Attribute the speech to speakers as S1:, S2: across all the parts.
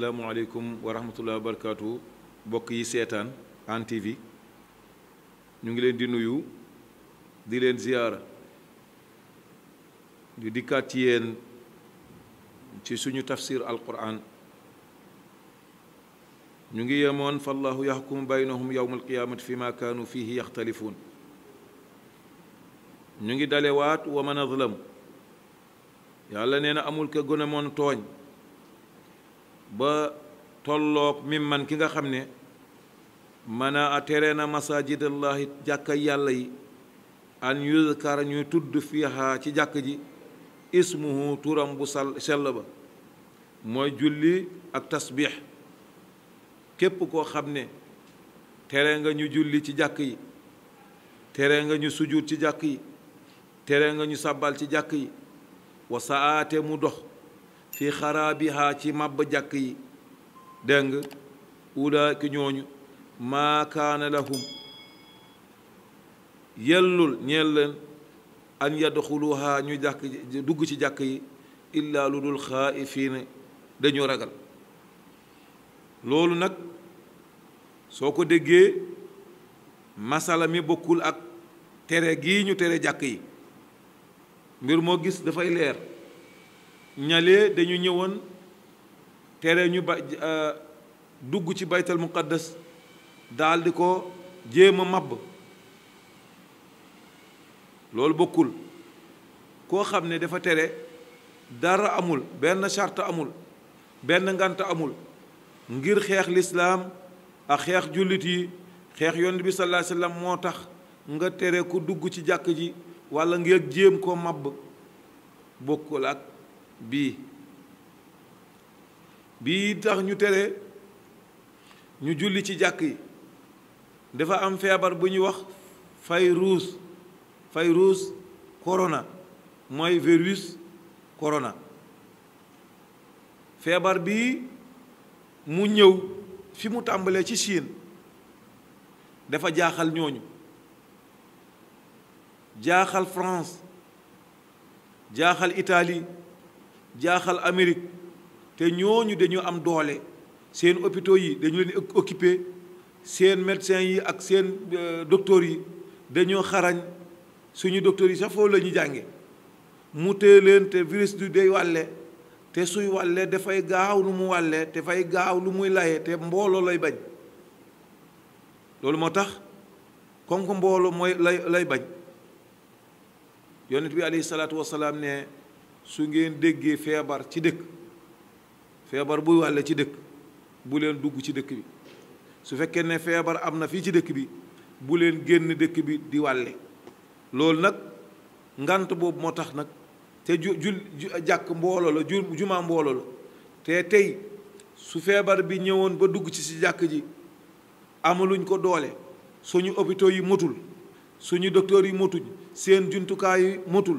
S1: asalaamualeykum wa rahmatullah wa barakaatu mbokk yi seetaan Hann ñu ngi leen di nuyu di leen ziyaara di dikkaat ci ci suñu tafsir alquran ñu ngi yemoon fa allahu yaxkum baynahum yowma alqiyaamati fi ma kaanu fihi yaxtalifuun ñu ngi dalewaat wa man azlam yàlla nee na amul ka gën moon tooñ ba tolloog mi man ki nga xam ne mana tere na masajidallahi jàkka yàlla yi an yuzkar ñuy tudd fiha ci jàkk ji ismuhu turam bu sal sell ba mooy julli ak tasbiix képp koo xam ne tere nga ñu julli ci jàkk yi tere nga ñu sujud ci jàkk yi tere nga ñu sàbbal ci jàkk yi wa mu dox fi xaraabiha ci màbb jàkk yi dégg nga ki ñooñu maa kaana lahum yellul ñeel leen an yadxuluha ñu jàkk dugg ci jàkk yi illaa lu dul xaa'ifiina dañu ragal loolu nag soo ko déggee masala mi bokkul ak tere gii ñu tere jàkk yi mbir moo gis dafay leer ñalee dañu ñëwoon tere ñu ba euh, dugg ci baytal muqaddas daal di ko jéem a màbb loolu bokkul koo xam ne dafa tere dara amul benn charte amul benn ngant amul ngir xeex lislaam ak xeex jullit yi xeex yonent bi sallallahu alayhi moo tax nga tere ku dugg ci jàkk ji walla ngir jéem koo màbb bokkul ak bii bii tax ñu tere ñu julli ci jàkk yi dafa am feebar bu ñuy wax fay virus corona mooy virus corona feebar bi mu ñëw fi mu tàmbalee ci Chine dafa jaaxal ñooñu jaaxal France jaaxal itali jaaxal Amérique te ñooñu dañu am doole seen hôpitaux yi dañu leen occupé seen médecins yi ak seen euh, docteurs yi dañoo xarañ suñu docteurs yi sax foofu la ñu jànge mu tee leen te virus du day wàlle te suy wàlle dafay gaaw lu mu wàlle te gaaw lu muy laye te mbooloo lay bañ loolu moo tax konk mbooloo mooy lay lay bañ yonent bi alayhi salaatu wasalaam ne su ngeen déggee feebar ci dëkk feebar buy wàlle ci dëkk bu leen dugg ci dëkk bi su fekkee ne feebar am na fii ci dëkk bi bu leen génn dëkk bi di wàlle loolu nag ngant boobu moo tax nag te ju jul jàkk mbooloo la ju jumaa mbooloo la te tey su feebar bi ñëwoon ba dugg ci ci jàkk ji amaluñ ko doole suñu hôpitaux yi motul suñu docteurs yi motuñ seen jumtukaay yi motul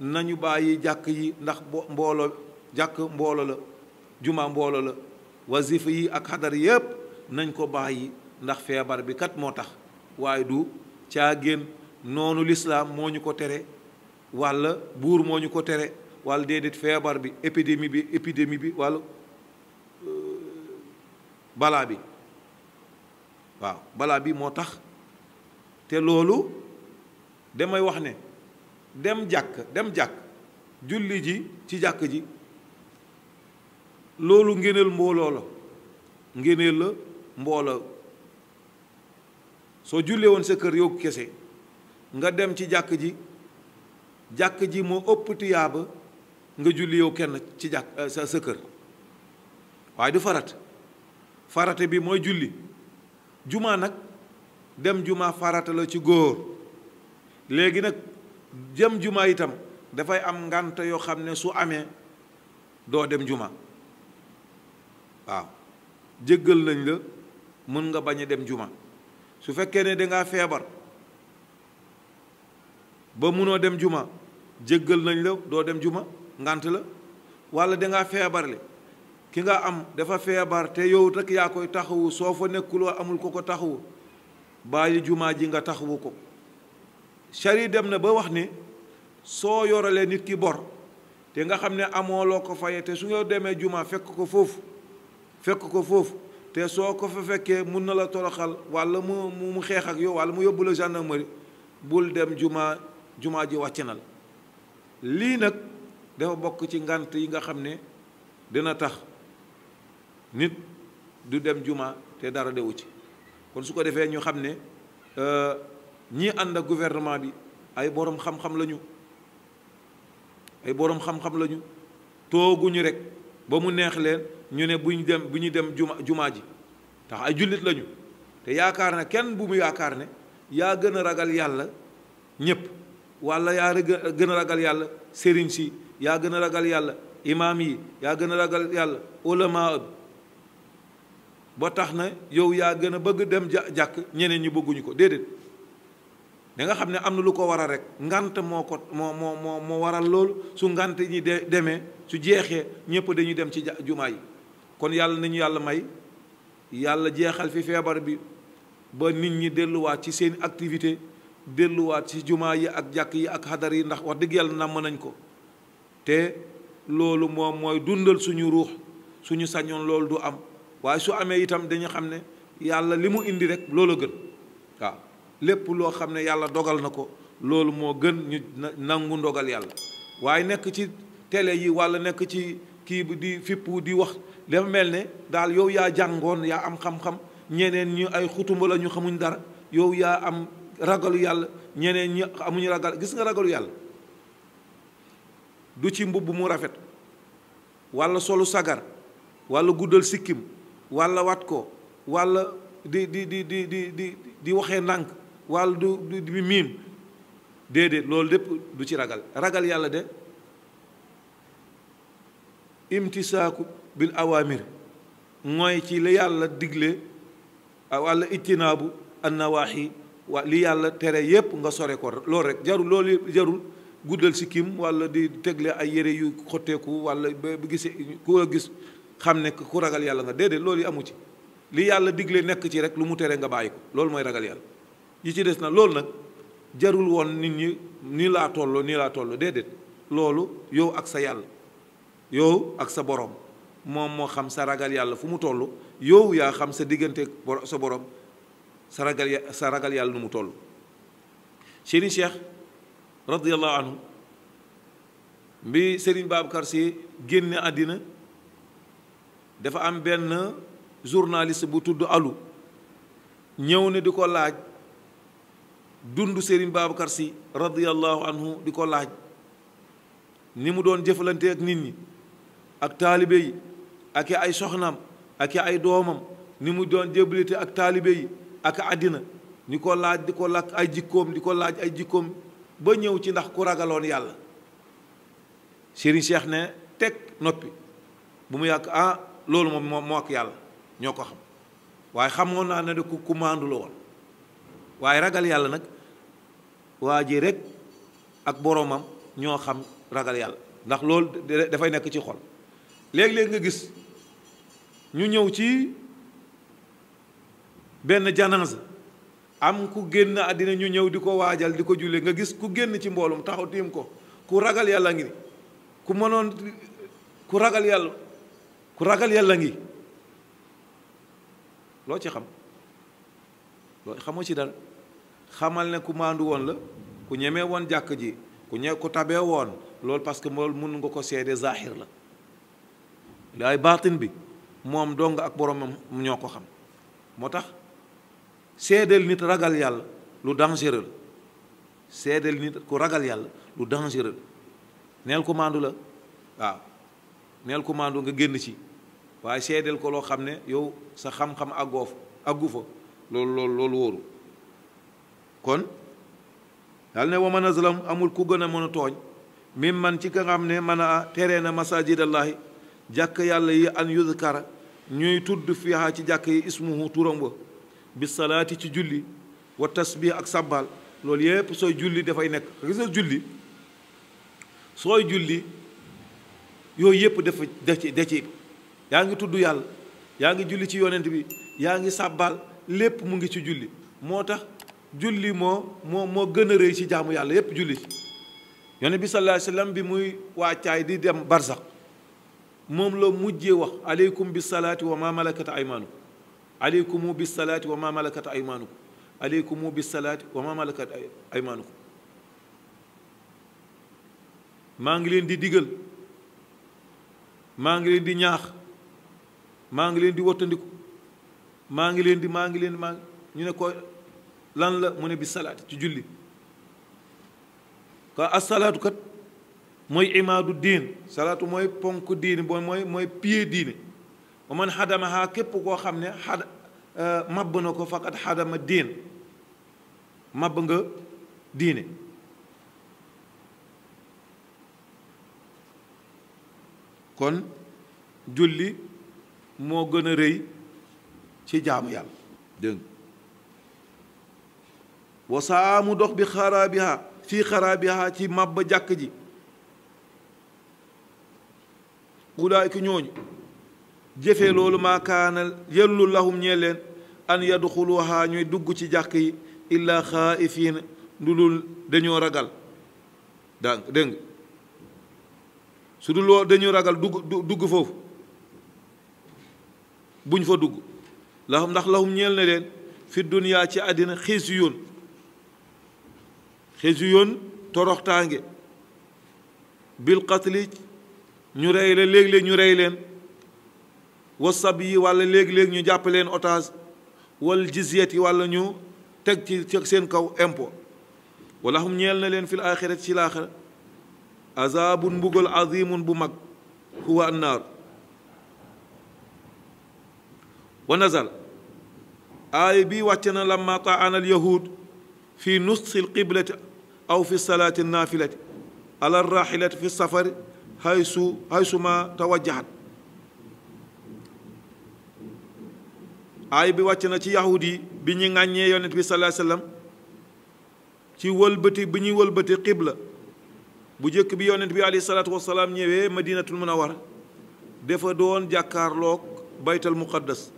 S1: nañu bàyyi jàkk yi ndax mbooloo jàkk mboolo la juma mboolo la wasifa yi ak xadar yépp nañ ko bàyyi ndax feebar bi kat moo tax waaye du caa génn noonu lislaam moo ñu ko tere walla buur moo ñu ko tere walla déedéet feebar bi épidémie bi épidémie bi walla euh, balaa bi waaw balaa bi moo tax te loolu damay wax ne dem jàkk dem jàkk julli ji ci jàkk ji loolu ngéneel mbooloo la ngéneel la mbooloo soo jullee woon sa kër yow kese nga dem ci jàkk ji jàkk ji moo ëpp tiyaaba nga julli yow kenn ci jàkk euh, sa sa kër waaye du farat farate bi mooy julli jumaa nag dem jumaa farata la ci góor léegi nag jëm juma itam dafay am ngànt yoo xam ne su amee doo dem juma waaw jéggal nañ la mën nga bañ a dem juma su fekkee ne dangaa feebar ba munoo dem juma jéggal nañ la doo dem juma ngànt la wala dangaa feebarle ki nga am dafa feebar te yow rek yaa koy taxawu soo fa nekkuloo amul ko ko taxawu bàyyi jumaa ji nga taxawu ko chari dem na ba wax ni soo yoralee nit ki bor te nga xam ne amoo loo ko fayee te su nga demee jumaa fekk ko foofu fekk ko foofu te soo ko fa fekkee mun na la toroxal walla mu mu xeex ak yow walla mu yóbbu la gendarmerie bul dem jumaa jumaa ji wàcc na la lii nag dafa bokk ci ngànt yi nga xam ne dina tax nit du dem jumaa te dara dewu ci kon su ko defee ñu xam ne euh, ñii ànd ak gouvernement bi ay boroom xam-xam lañu ay boroom xam-xam lañu tooguñu rek ba mu neex leen ñu ne bu ñu dem bu ñu dem juma jumaa ji tax ay jullit lañu te yaakaar ne kenn bu mu yaakaar ne yaa gën a ragal yàlla ñépp walla yaa gën a ragal yàlla sëriñ si yaa gën a ragal yàlla imaam yi yaa gën a ragal yàlla ulama bi ba tax na yow yaa gën a bëgg dem ja jàkk ñeneen ñi bëgguñu ko déedéet da xam ne am na lu ko waral rek ngant moo ko moo moo moo moo waral loolu su ngant ñi de demee su jeexee ñëpp dañuy dem ci jumaa yi kon yàlla nañu yàlla may yàlla jeexal fi feebar bi ba nit ñi delluwaat ci seen activité delluwaat ci jumaa yi ak jàkk yi ak xadar yi ndax wax dëgg yàlla namm nañ ko te loolu moom mooy dundal suñu ruux suñu sañoon loolu du am waaye su amee itam dañu xam ne yàlla li mu indi rek loolu gën waaw lépp loo xam ne yàlla dogal na ko loolu moo gën ñu nangu ndogal yàlla waaye nekk ci télé yi walla nekk ci kii bi di fippu di wax dafa mel ne daal yow yaa jàngoon yaa am xam-xam ñeneen ñu ay xutumba la ñu xamuñ dara yow yaa am ragalu yàlla ñeneen ñi amuñu ragal gis nga ragalu yàlla du ci mbubb mu rafet walla solu sagar walla guddal sikkim walla wat ko walla di di di di di di waxe ndànk walla du du miim déedéet loolu lépp du ci ragal ragal yàlla de imtisaaku bil awaamir mooy ci li yàlla digle walla ijtinaabu annawaahi wa li yàlla tere yépp nga sore ko loolu rek jarul loolu jarul guddal si kim walla di tegle ay yére yu xotteeku walla ba gisee ku la gis xam ne ku ragal yàlla nga déedéet loolu yi amu ci li yàlla digle nekk ci rek lu mu tere nga bàyyi ko loolu mooy ragal yàlla yi ci des na loolu nag jarul woon nit ñi nii laa toll nii laa toll déedéet loolu yow ak sa yàlla yow ak sa boroom moom moo xam sa ragal yàlla fu mu toll yow yaa xam sa diggante sa borom sa ragal sa ragal yàlla nu mu toll seeni cheikh radiallahu anhu bi Serigne Babacar Sy génne àddina dafa am benn journaliste bu tudd alu ñëw ni di ko laaj dund Serigne Babacar Sy radiyallahu anhu di ko laaj ni mu doon jëflante ak nit ñi ak taalibe yi ak ay soxnaam ak ay doomam ni mu doon jëblite ak taalibe yi ak àddina ni ko laaj di ko lakk ay jikkoom di ko laaj ay jikkoom ba ñëw ci ndax ku ragaloon yàlla Serigne Cheikh ne teg noppi bu mu yàgg ah loolu moom moo moo ak yàlla ñoo ko xam waaye xamoon naa ne de ku ku maandu la woon waaye ragal yàlla nag waa ji rek ak boromam ñoo xam ragal yàlla ndax loolu dafay nekk ci xol léeg-léeg nga gis ñu ñëw ci ben janaasa am ku génn àddina ñu ñëw di ko waajal di ko jullee nga gis ku génn ci mboolum taxaw ko ku ragal yàlla ngi ku mënoon ku ragal yàlla ku ragal yàlla ngi loo ci xam ci dara xamal ne ku maandu woon la ku ñemee woon jàkk ji ku ñe ku tabee woon loolu parce que loolu mën nga ko seede zahir la laay baatin bi moom dong ak boromam ñoo ko xam moo tax seedeel nit ragal yàlla lu dangereux la seedeel nit ku ragal yàlla lu dangereux neel ku maandu la waaw neel ku maandu nga génn ci waaye seedeel ko loo xam ne yow sa xam-xam àggoof àggu fa loolu loolu loolu wóoru kon daal ne wa man azlam amul ku gën a mën a tooñ mim man ci ka nga xam ne man a teree na masajidallahi jàkk yàlla yi an yuzkara ñuy tudd fiha ci jàkk yi salaati ci julli wa tasbih ak sàbbaal loolu yépp sooy julli dafay nekk gis nga julli sooy julli yooyu yépp dafa de ci yaa ngi tudd yàlla yaa ngi julli ci yonent bi yaa ngi sàbbaal lépp mu ngi ci julli moo tax julli moo moo moo gën a réy ci jaamu yàlla yépp julli yonent bi sallallahu bi muy wàccaay di dem barsax moom la mujjee wax aleykum bi salaati wa ma malakata aymaanukum aleykumu bi salaati wa ma malakata aymaanukum aleykumu bi salaati wa ma malakata aymaanukum maa ngi leen di digal maa ngi leen di ñaax maa ngi leen di wottandiku maa ngi leen di maa ngi leen maa ñu ne ko lan la mu ne bi salaati ci julli ka asalaatu kat mooy imaadu diin salaatu mooy ponk diine boo mooy mooy pied diine ba man xadamahaa képp koo xam ne xad euh, màbb na ko faqat xadama diin màbb nga diine kon julli moo gën a rëy ci jaamu yàlla dégg wa dox bi xaraabiha fii xaraabiha ci màbb jàkk ji ulaayika ñooñu jëfee loolu maa kaana yellu lahum ñee leen an yadxuluha ñuy dugg ci jàkk yi illaa xaa'ifiina lu dul dañoo ragal daa dul loo ragal dugg dugg foofu buñ fa dugg lahum ndax lahum ñeel na leen fi duniyaa ci àddina xiis yoon xésiyon toroxtaange bil qatli ñu rey leen leg leg ñu rey len wasab yi walla leg ñu jàpp len otage wal jizyati wala walla ñu teg ci ci seen kaw impo wala hum ñel na len fil akhirat ci laaxira azabun bugul azimun bu mag huwa annar wa nazal ay bi wàcc na lamma taana al yahud fi nusl al qiblati aw fi salaati naafilati ala raxilati fi safari haysu haysuma tawajjahat aay bi wàcc na ci yahud yi bi ñu ŋàññee yonent bi sallallahu alayhi wasallam ci wëlbati bi ñuy wëlbati xibla bu jëkk bi yonent bi alayhi salaatu wasalaam mën a munawwara dafa doon jàkkaarloog baytal muqaddas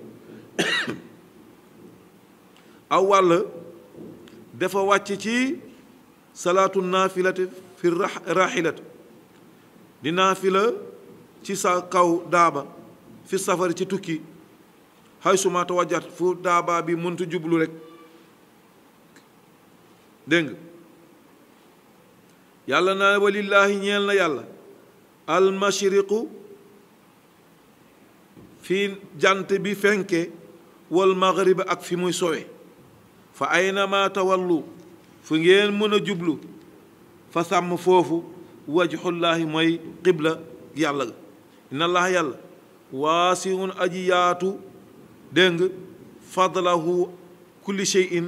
S1: aw wàll dafa wàcc ci salaatu naafilati fi raxilat di naafila ci sa kaw daaba fi safari ci tukki xay suma fu daaba bi mëntu jublu rek dégg yàlla na walillaahi ñeel na yàlla almashriqu fi jant bi fenke wal maghrib ak fi muy sowe fa aynama tawallu fu ngeen mën a jublu fa sàmm foofu wajhullaahi mooy xibla yàlla ga inna allaah yàlla waasiun aji yaatu dëng fadlahu kulli shay'in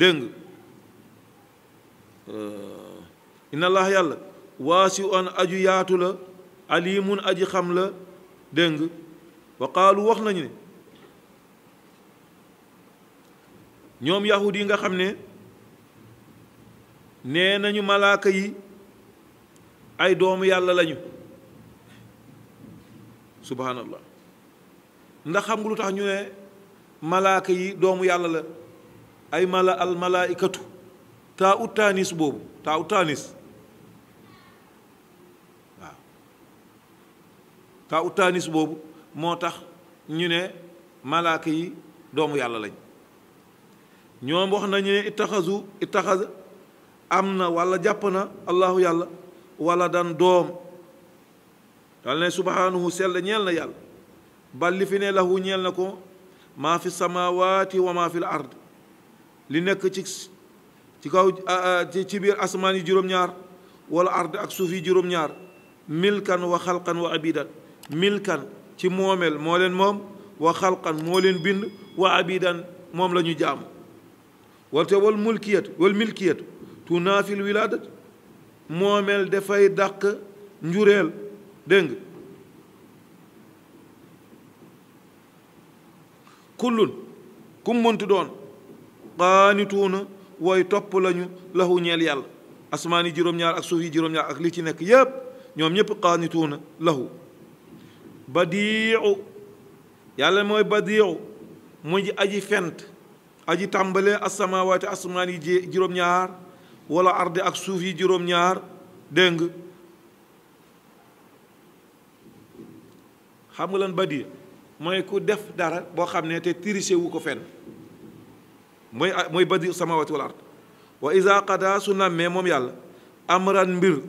S1: dëng euh, inna yàlla waasiun aju yaatu la alimun aji xam la dëng wa qaalu wax nañu ne ñoom yahud yi nga xam ne nee nañu malaaka yi ay doomu yàlla lañu subhanallah ndax xam nga lu tax ñu ne malaaka yi doomu yàlla la ay mala al malaaikatu taa ut taanis boobu taa ut taanis waaw taa ut taanis boobu moo tax ñu ne malaaka yi doomu yàlla lañ ñoom wax nañu ne ittaxazu ittaxaza amna wala jàpp allah yàlla wala dan dom dal ne subhanahu sel ñel na yàlla balli fi ne lahu ñel nako ma fi samawati wa ma fi al ard li nek ci ci kaw ci bir asman yi jurom naar wala ard ak suuf yi jurom naar milkan wa khalqan wa abidan milkan ci momel mo len mom wa khalqan mo len bind wa abidan mom lañu ñu jaam wante wal mulkiyat wal milkiyat tunaafil wilaadat moomeel dafay dàq njureel dégg nga kullun kum mënti doon qaanituuna way topp lañu lahu ñeel yàlla asmaan yi juróom-ñaar ak suuf yi juróom-ñaar ak li ci nekk yépp ñoom ñépp qaanituuna lahu badiicu yàlla mooy badiicu mu aji fent aji tàmbalee asamaawaati asmaan yi juróom-ñaar wala ardi ak suuf yi juróom-ñaar dégg xam nga lan badiya mooy ku def dara boo xam ne te triché wu ko fenn mooy mooy badi samawati wal ard wa isa qada su nammee moom yàlla amran mbir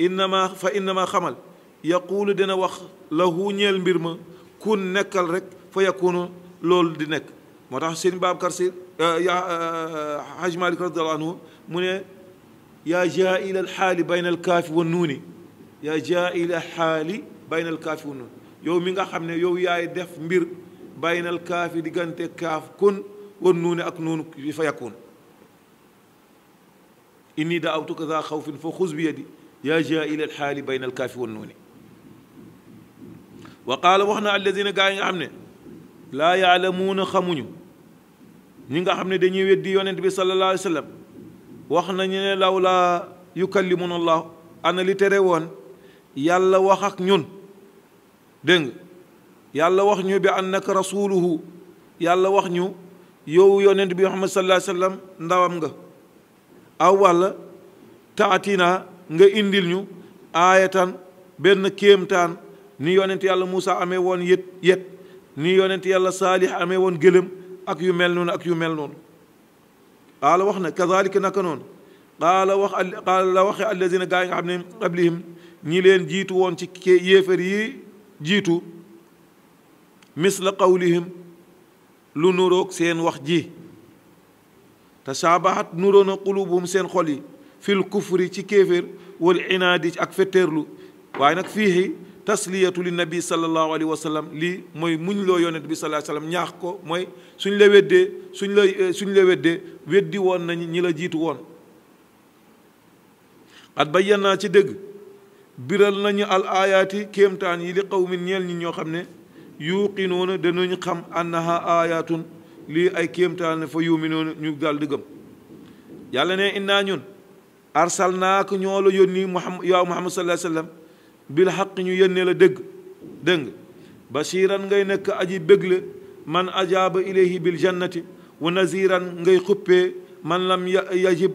S1: innama fa innama xamal yaquulu dina wax lahu ñeel mbir ma kun nekkal rek fa yakunu loolu di nekk moo tax seen Babacar Si ya Haj Malik radiyallahu anhu mu ne يا جاء إلى الحال بين الكاف والنون يا جاء إلى الحال بين الكاف والنون يو ميغا خامني يو يا ديف مير بين الكاف ديغانتي كاف كن والنون اك نون فيكون اني دعوتك ذا خوف فخذ بيدي يا جاء إلى الحال بين الكاف والنون وقال وحنا الذين غا خامني لا يعلمون خمون نيغا خامني دانيي ويدي يونت بي صلى الله عليه وسلم wax nañu ne law laa yukallimuna allah ana li tere woon yàlla wax ak ñun dégg yàlla wax ñu bi annaka rasuluhu yàlla wax ñu yow yonent bi muhammad sallallahu alayhi ndawam nga aw walla taatina nga indil ñu aayatan benn kéemtaan ni yonent yàlla Muusa amee woon yet yet ni yonent yàlla Saalix amee woon gëlëm ak yu mel noonu ak yu mel noonu قال وخنا كذلك نكنون قال وخ قال لا وخ الذين غاي خا قبلهم ني لين جيتو وون سي ييفر يي جيتو مثل قولهم لو نوروك سين وخ جي تشابهت نورون قلوبهم سين خولي في الكفر تي كيفر والعناد اك فترلو واي نك فيه تسليه للنبي صلى الله عليه وسلم لي موي مونلو يونت بي صلى الله عليه وسلم نياخ كو موي سون لويدي suñ la eh, suñ la weddee weddi woon nañu ñi la jiitu woon at bayyan naa ci dëgg biral nañu al aayaati kéemtaan yi li qawmin ñeel ñi ñoo xam ne yuuqinuuna danañu xam annaha aayaatun lii ay kéemtaan fa yuuminuuna ñu daal di gëm yàlla ne innaa ñun arsalnaak ñoo la yónni muhammad yaa muhammad bil xaq ñu yónnee la dëgg dëng basiiran ngay nekk aji bégle man ajaaba ilayhi bil jannati wa naziran ngay xuppee man lam yajib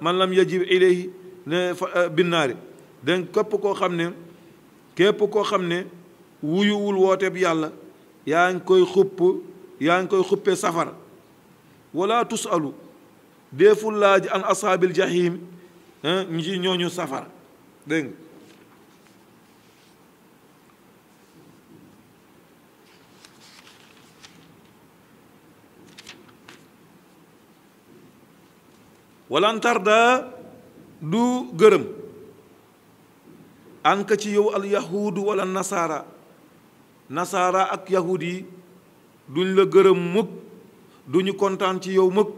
S1: man lam yajib ilayhi eh, binnaari dégg képp koo xam ne képp koo xam ne wuyuwul wooteeb yàlla yaa ngi koy xupp yaa ngi koy xuppee safara wala tusalu deeful laaj an asaabil jahim ñi ci ñooñu safara dégg walantarda du gërëm an ci yow al yahuudu wala nasaara nasaara ak yahuud yi duñ la gërëm mukk duñu kontaan ci yow mukk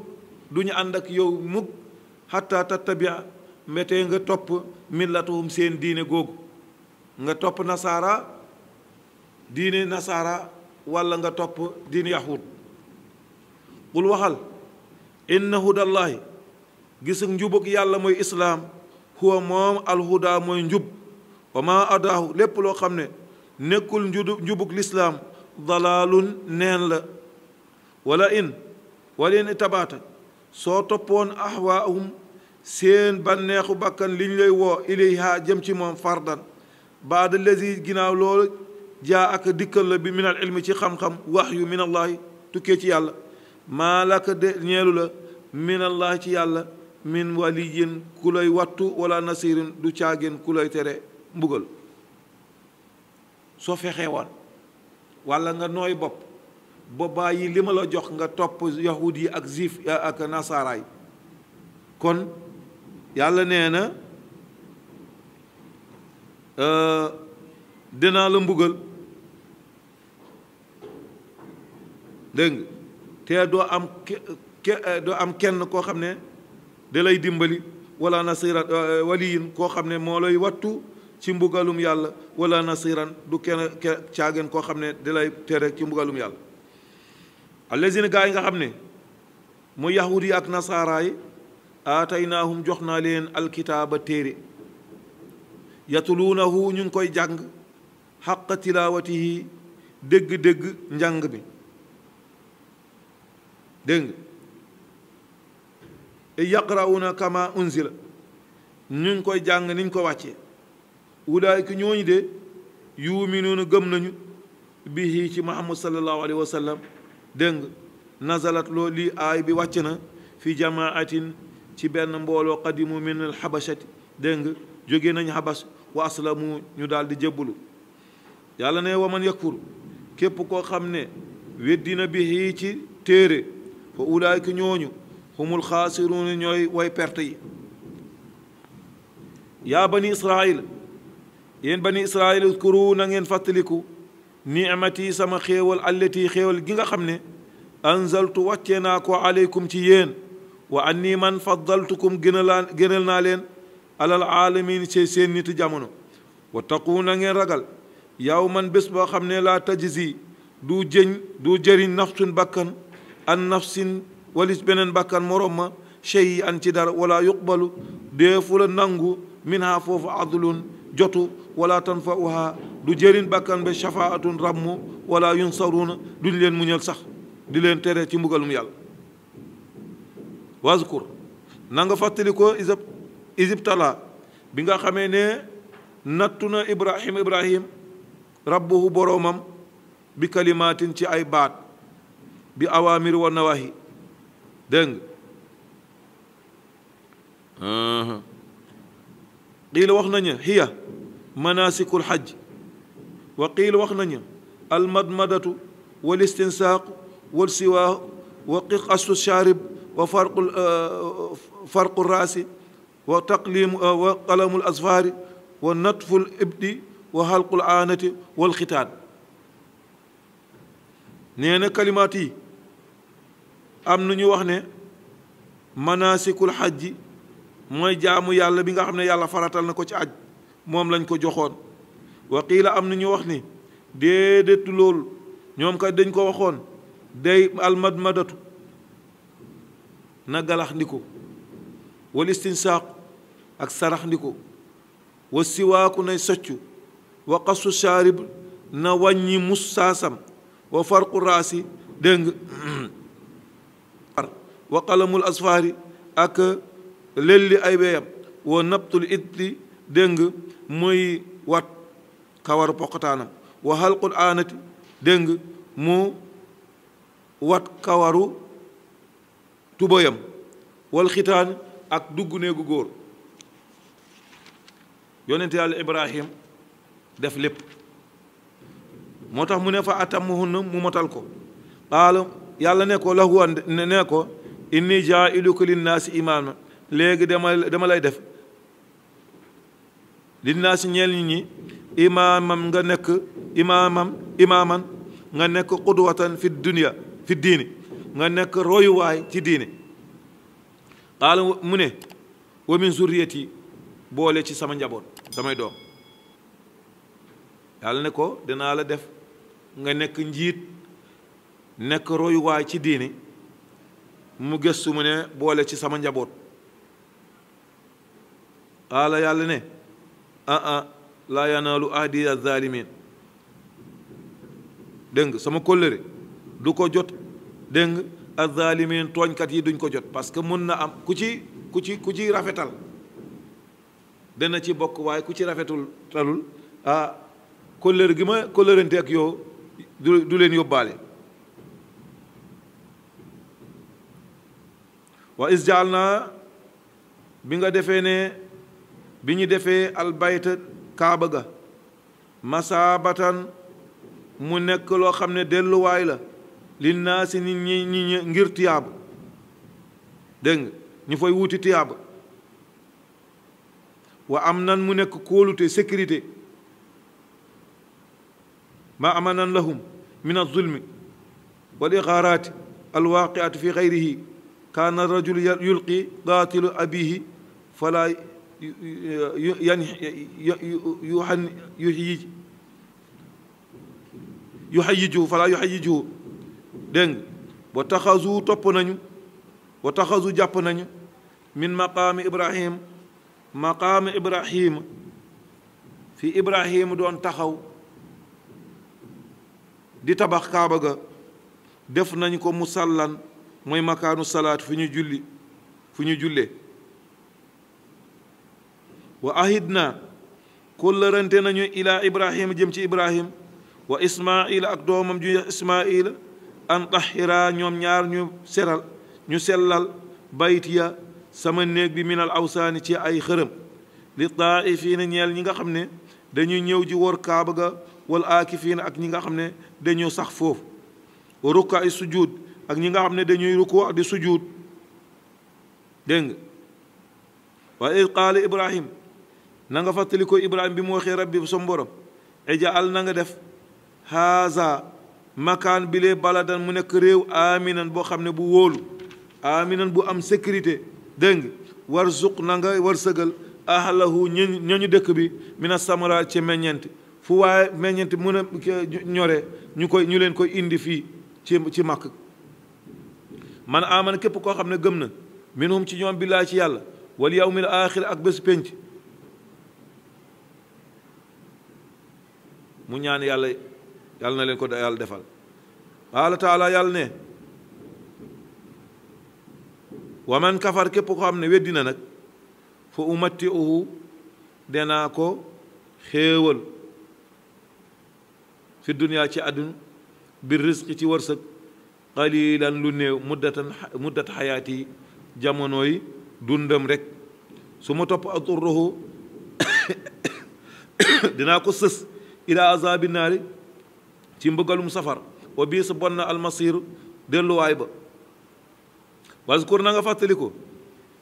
S1: duñu ànd ak yow mukk xatta tattabia mbete nga topp millatuhum seen diine googu nga topp nasaara diine nasaara walla nga topp diine yahuud qul waxal inna hudallahi gisu njubug yàlla mooy islaam huwa moom alhuda mooy njub wa adaahu lépp loo xam ne nekkul njubug lislaam dalaalun neen la wala in wala in tabaata soo toppoon ahwaahum seen bànneexu bakkan li ñu lay woo ilayha jëm ci moom fardan baada lazi ginnaaw loolu jaa ak dikkal la bi min ilmi ci xam-xam wax yu min allahi tukkee ci yàlla maa laka de ñeelu la min ci yàlla min waliyin ku lay wattu wala nasirin du caagin ku lay tere mbugal soo fexee woon wala nga nooy bopp boobaa yi li ma la jox nga topp yahud yi ak juif ak nasaaraay kon yàlla nee na euh, dinaa la mbugal dégg te doo am ke doo am kenn koo xam ne de lay dimbali wala nasira euh, euh, waliyin koo xam ne moo lay wattu ci mbugalum yàlla wala nasiran du kenn ke caagen koo xam ne de lay tere ci mbugalum yàlla alesina gaa yi nga xam ne mu yahud yi ak nasaara yi aataynahum jox naa leen alkitaaba téere yatulunahu ñu ngi koy jàng xaqa tilawatihi dégg-dégg njàng bi dégg nga yaqra'una kama unzila ñu ngi koy jàng niñ ko wàccee ulaayka ñooñu de noonu gëm nañu bihi ci muhammad sallallahu alayhi wa sallam dégg loo lii aay bi wàcc na fi jamaatin ci benn mbooloo qadimu min alxabashati dégg jóge nañ xabas wa aslamu ñu daldi di jébbalu yàlla ne waman yakfur képp koo xam ne weddina bihi ci téere fa ulaayka ñooñu humul xaasiruun ñooy way perte yi yaa bani israil yéen bani israil uskuru na ngeen fàttaliku ni'mati sama xéewal allati xéewal gi nga xam ne anzaltu wàccee naa ko aleykum ci yéen wa anni man faddaltukum gënalaan gënal naa leen alal aalamin ci seen nit jamono wa taqu na ngeen ragal yow man bés boo xam ne laa tajzi du jëñ du jëriñ nafsun bakkan an nafsin walis beneen bàkkan morom ma shay an ci dara wala yuqbalu deefu la nangu minha foofu adlun jotu wala tanfauha du jëriñ bàkkan ba shafaatun ràmm wala yunsaruna duñ leen muñal sax di leen tere ci mbugalum yàlla wazkur na nga fàttali ko isab bi nga xamee ne nattu na ibrahim ibrahim rabbuhu boroomam bi kalimaatin ci ay baat bi awaamir wa nawahi دنج اها قيل وخنا هي مناسك الحج وقيل وخنا المضمضه والاستنساق والسواه وقص الشارب وفرق آه، فرق الراس وتقليم آه، وقلم الاظفار ونطف الابد وحلق العانه والختان نينا كلماتي am na ñu wax ne manasikul xajji mooy jaamu yàlla bi nga xam ne yàlla faratal na ko ci aj moom lañ ko joxoon waqiila am na ñu wax ni déedéet loolu ñoom kat dañ ko waxoon day almadmadatu na galax ndiku wal ak sarax ndiku wa siwaaku nay soccu wa qasu shaarib na wàññi mus saasam wa farqu raasi dëng وقلم الأصفار أك للي أي بيم ونبت الإدل دنغ مي وات كوار بقطانا وهل القرآن دنغ مو وات كوارو تبايم والختان أك دوغني غور يونتي على إبراهيم def lepp motax mu ne fa atamuhun mu motal يالا نيكو yalla ne ko inni jaa'iluka linnaasi imaama léegi dama dama lay def linnaasi ñeel nit ñi imaamam nga nekk imaamam imaaman nga nekk qudwatan fi dunya fi diini nga nekk royuwaay ci diini qaala mu ne wa min yi boole ci sama njaboot samay doom yàlla ne ko danaa la def nga nekk njiit nekk royuwaay ci diini mu gëstu mu ne boole ci sama njaboot ala yàlla ne ah ah laa yanaalu ahdi azalimin dégg nga sama kóllëre du ko jot dégg nga azalimin tooñkat yi duñ ko jot parce que mën na am ku ci ku ci ku ci rafetal dana ci bokk waaye ku ci rafetul talul ah kóllëre gi ma kóllërante ak yow du du leen yóbbaale wa is jaalna bi nga defee ne bi ñu defee albayta kaaba ga masaabatan mu nekk loo xam ne delluwaay la linnaasi nit ñi ñi ñi ngir tiyaab dégg nga ñu fay wuuti tiyaab wa am nan mu nekk kóolute sécurité ma amanan lahum min alzulmi wal iharaati alwaqiati fi xayrihi كان الرجل يلقي قاتل أبيه فلا يحيج يحيجه فلا يحيجه دين واتخذوا تبنانيو واتخذوا جابنانيو من مقام إبراهيم مقام إبراهيم في إبراهيم دون تخو دي تبخ كابغا دف نانيكو مسلان mooy makaanu salaat fu ñu julli fu ñu jullee wa ahidna kóllërante nañu ilaa ibrahima jëm ci ibrahim wa ismaila ak doomam ju ismaila an tahira ñoom ñaar ñu seral ñu sellal bayt ya sama néeg bi minal awsaani ci ay xërëm li taa'ifiina ñeel ñi nga xam ne dañuy ñëw ji wor kaaba ga wal aakifiina ak ñi nga xam ne dañoo sax foofu wa rukka ay sujud ak ñi nga xam ne dañuy ruku ak di sujuud dégg waaye id ibrahim na nga fàttali ko ibrahim bi mu waxee rabbi som borom ejaal na nga def haza makaan bi lee baladan mu nekk réew aminan boo xam ne bu wóolu aminan bu am sécurité dégg war zuq na nga war sëgal ahlahu ñu dëkk bi mina samara ci meññent fu waaye meññent mën a ñore ñu koy ñu leen koy indi fii ci ci màkk man amana képp koo xam ne gëm na minhum ci ñoom billaa ci yàlla mi yawmil axir ak bés pénc mu ñaan yàlla yàlla na leen ko yàlla defal qaala taala yàlla ne wa man kafar képp koo xam ne weddi na nag fa umatti'uhu danaa ko xéewal fi dunya ci àdduna bi risqi ci wërsëg qalilan lu néew muddatan muddat xayaati jamonooy dundam rekk su ma topp aturruhu dinaa ko sës ila azabi naari ci mbëggalum safar wa bii bon na almasir delluwaay ba waskur na nga fàttaliku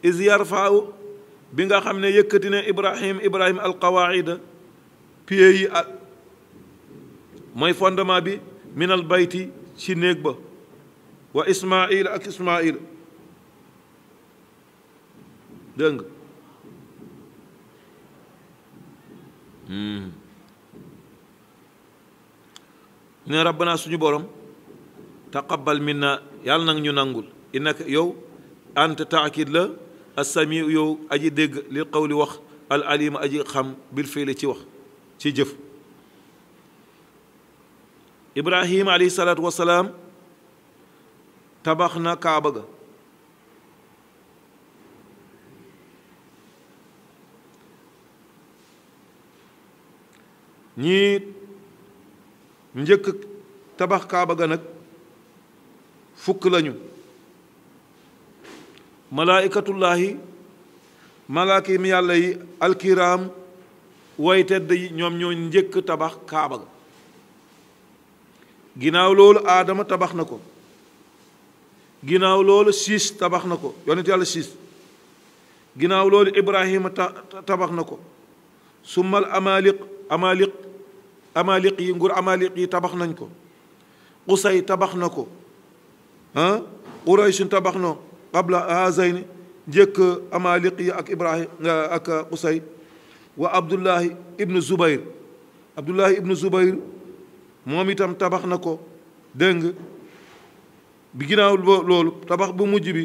S1: is yarfau bi nga xam ne yëkkati ne ibrahim ibrahim alqawaida pieds yi mooy fondement bi minal bayti ci néeg ba وإسماعيل ak Ismaïl dégg nga ne rabbana suñu borom taqabbal minna yàlla nag ñu nangul innaka yow anta taakid la assamiu yow aji dégg lil qawli wax al alima aji xam bil fiili ci wax ci jëf ibrahima alayhi salaatu wasalaam tabax na kaaba ga ñii njëkk tabax kaaba ga nag fukk lañu malaayikatullaahi malaakim yàlla yi alkiraam way tedd yi ñoom ñoo njëkk tabax kaaba ga ginnaaw loolu aadama tabax na ko ginaaw loolu siis tabax na ko yonent yàlla siis ginaaw loolu ibrahima tabax na ko summal amaliq amaliq amaliq yi ngur amaliq yi tabax nañ ko qusay tabax na ko ah quraysun tabax na qabla hazayni njëkk amaliq yi ak ibrahim ak qusay wa abdullahi ibnu zubayr abdullahi ibnu zubayr moom itam tabax na ko dégg bi ginnaaw loolu tabax bu mujj bi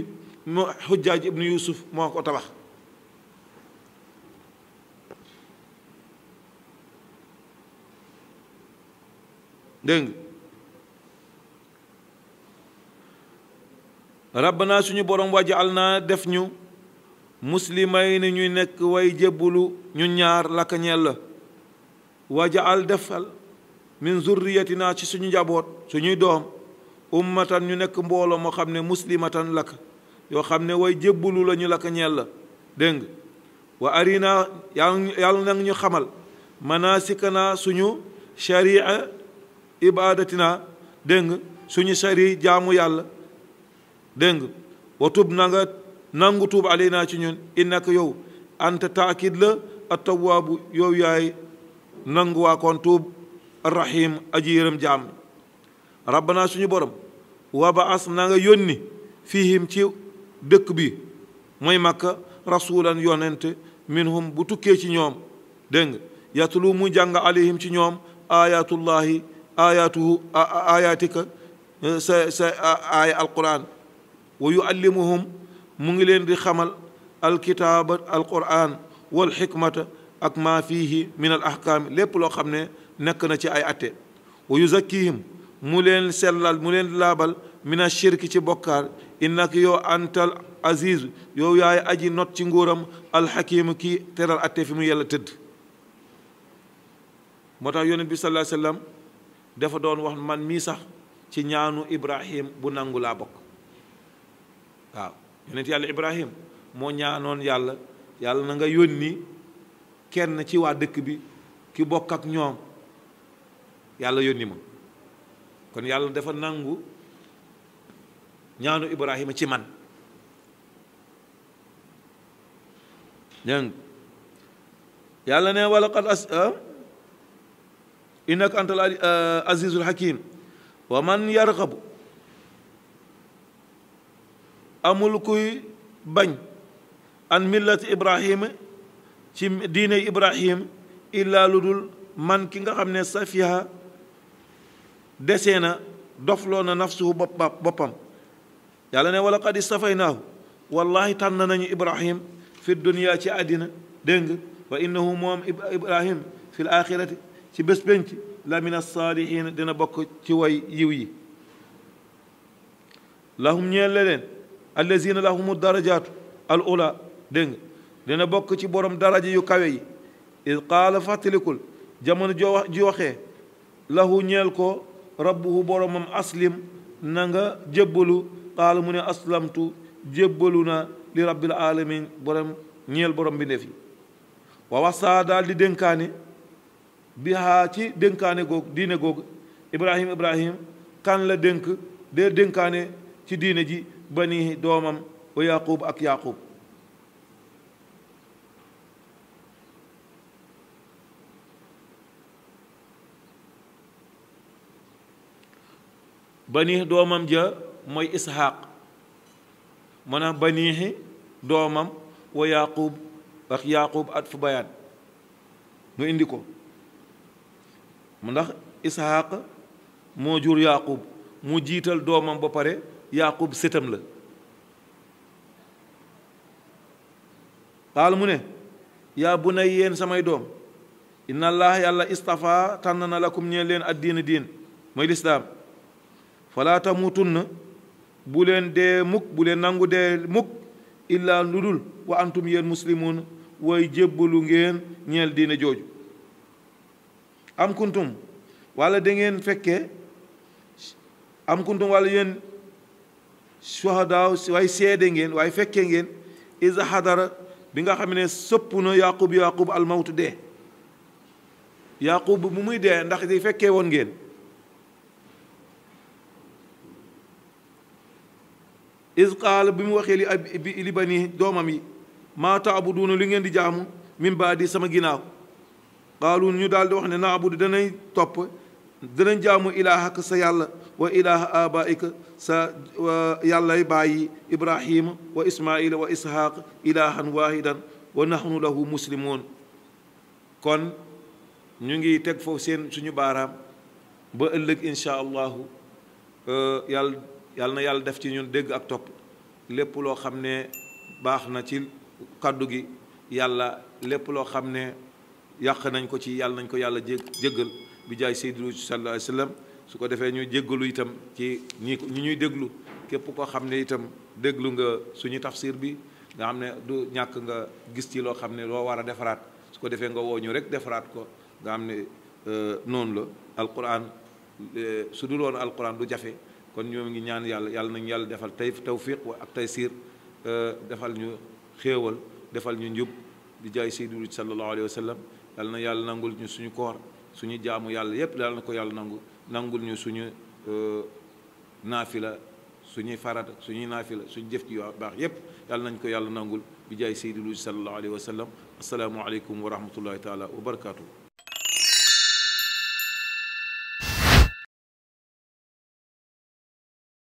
S1: mu xujjaaj ibnu yusuf moo ko tabax dégg rabbana suñu borom wajal naa def ñu muslimay ni ñuy nekk way jébbulu ñu ñaar lakk ñeel la wajal defal min zurriyatina ci suñu njaboot suñuy doom ummatan ñu nekk mbooloo moo xam ne muslimatan lakk yoo xam ne way jébbulu lañu lakk ñel la dégg nga wa arina yàlla nag ñu xamal manasikana suñu sharia ibadatina dégg nga suñu shari jaamu yàlla dégg nga wa tub na nangu tuub alayna ci ñun innaka yow anta taakid la attawaabu yow yaay nangu waa koon tuub arrahim aji yërëm jaam rabbana suñu borom waba baas na nga yónni fihim ci dëkk bi mooy màkka rasulan yonent minhum bu tukkee ci ñoom dégg nga yatlu mu jàng alayhim ci ñoom ayatullahi ayatuhu ayatika sa sa aaya alquran wa yuallimuhum mu ngi leen di xamal alkitaaba alquran wal hikmata ak maa fiihi min al ahkaami lépp loo xam ne na ci ay atte wa yuzakkihim mu leen sellal mu leen laabal mina shirki ci bokkaar innaka yow antal aziz yow yaay aji not ci nguuram alxakimu ki teral atte fi mu yàlla tëdd moo tax yonent bi sallallahu alayhi dafa doon wax man mii sax ci ñaanu ibrahim bu nangu laa bokk waaw yonent yàlla ibrahim moo ñaanoon yàlla yàlla na nga yónni kenn ci waa dëkk bi ki bokk ak ñoom yàlla yónni ma kon yàlla defa nangu ñaanu Ibrahima ci man yàlla ne wala qad as innaka antal azizul hakim wa man yarxabu amul kuy bañ an millati ibrahima ci diine ibrahim illaa lu dul man ki nga xam ne safiha desee na dofloo na nafsuhu boppam yàlla ne wala qad istafaynaahu wallahi tànn nañu ibrahim fi dunia ci àddina dégg wa innahu moom ibrahim fi laaxirati ci bés pénc la min alsaalihin dina bokk ci way yiw yi lahum ñeel leen allazina lahumu darajaatu al ula dégg dina bokk ci borom daraja yu kawe yi id qaala fàttalikul jamono joo ji waxee lahu ñeel ko rabbuhu boromam aslim na nga jébbalu qaala mu ne aslamtu jébbalu na li rabbil alamin borom ñeel borom bi yi wa wasaa daal di dénkaane bihaa ci dénkaane googu diine googu ibrahim ibrahim kan la dénk dee dénkaane ci diine ji bani doomam wa yaqub ak yaqub baniix doomam ja mooy isxaaq mën a baniixi doomam wa yaqub wax yaqub at fu bayaan mu indi ko mu ndax isxaaq moo jur yaqub mu jiital doomam ba pare yaqub sëtam la xaal mu ne yaa bu nay yéen samay doom inna allah yàlla istafaa tànn na la lakum ñeen leen ad diina diin mooy lislaam falaa tamuutunna bu leen dee mukk bu leen nangu dee mukk illaa lu dul wa antum yéen muslimuun way jébbalu ngeen ñeel diine jooju am kuntum wala da ngeen fekkee am kuntum wala yéen suhadaaw waaye seede ngeen waaye fekkee ngeen isa xadara bi nga xam ne sëpp na yaqub yaqub almawtu dee yaqub bu muy dee ndax di fekkee woon ngeen is qaala bi mu waxee li ab li bani doomam yi maa taabuduuna li ngeen di jaamu min baadi sama ginnaaw qaalu ñu daal di wax ne naabudu danay topp danañ jaamu ilaahaka sa yàlla wa ilaaha abaika sa yàllay bàyyi ibrahima wa ismaila wa ishaaq ilaahan waahidan wa nahnu lahu muslimoon kon ñu ngi teg foofu seen suñu baaraam ba ëllëg insha allahu euh, yàlla na yàlla def ci ñun dégg ak topp lépp loo xam ne baax na ci kàddu gi yàlla lépp loo xam ne yàq nañ ko ci yàlla nañ ko yàlla jé jéggal bi jaay Seydou sallallahu alayhi wa sallam su ko defee ñu jéggalu itam ci ñi ñi ñuy déglu képp koo xam ne itam déglu nga suñu tafsir bi nga am ne du ñàkk nga gis ci loo xam ne loo war a defaraat su ko defee nga wooñu ñu rek defaraat ko nga am ne euh, noonu la alquran euh, su dul woon alquran du jafe kon ñoom ngi ñaan yàlla yàlla nañu yàlla defal tey tawfiq wa ak taysiir euh, defal ñu xéewal defal ñu njub di jaay Seydou sallallahu alayhi wa sallam yàlla na yàlla nangul ñu suñu koor suñu jaamu yàlla yépp yàlla na ko yàlla nangu nangul ñu suñu euh, naafila suñuy farata suñuy naafila suñu jëf ji baax yépp yàlla nañ ko yàlla nangul bi jaay Seydou sallallahu alayhi wa sallam asalaamualeykum wa rahmatullahi taala wa barakaatu.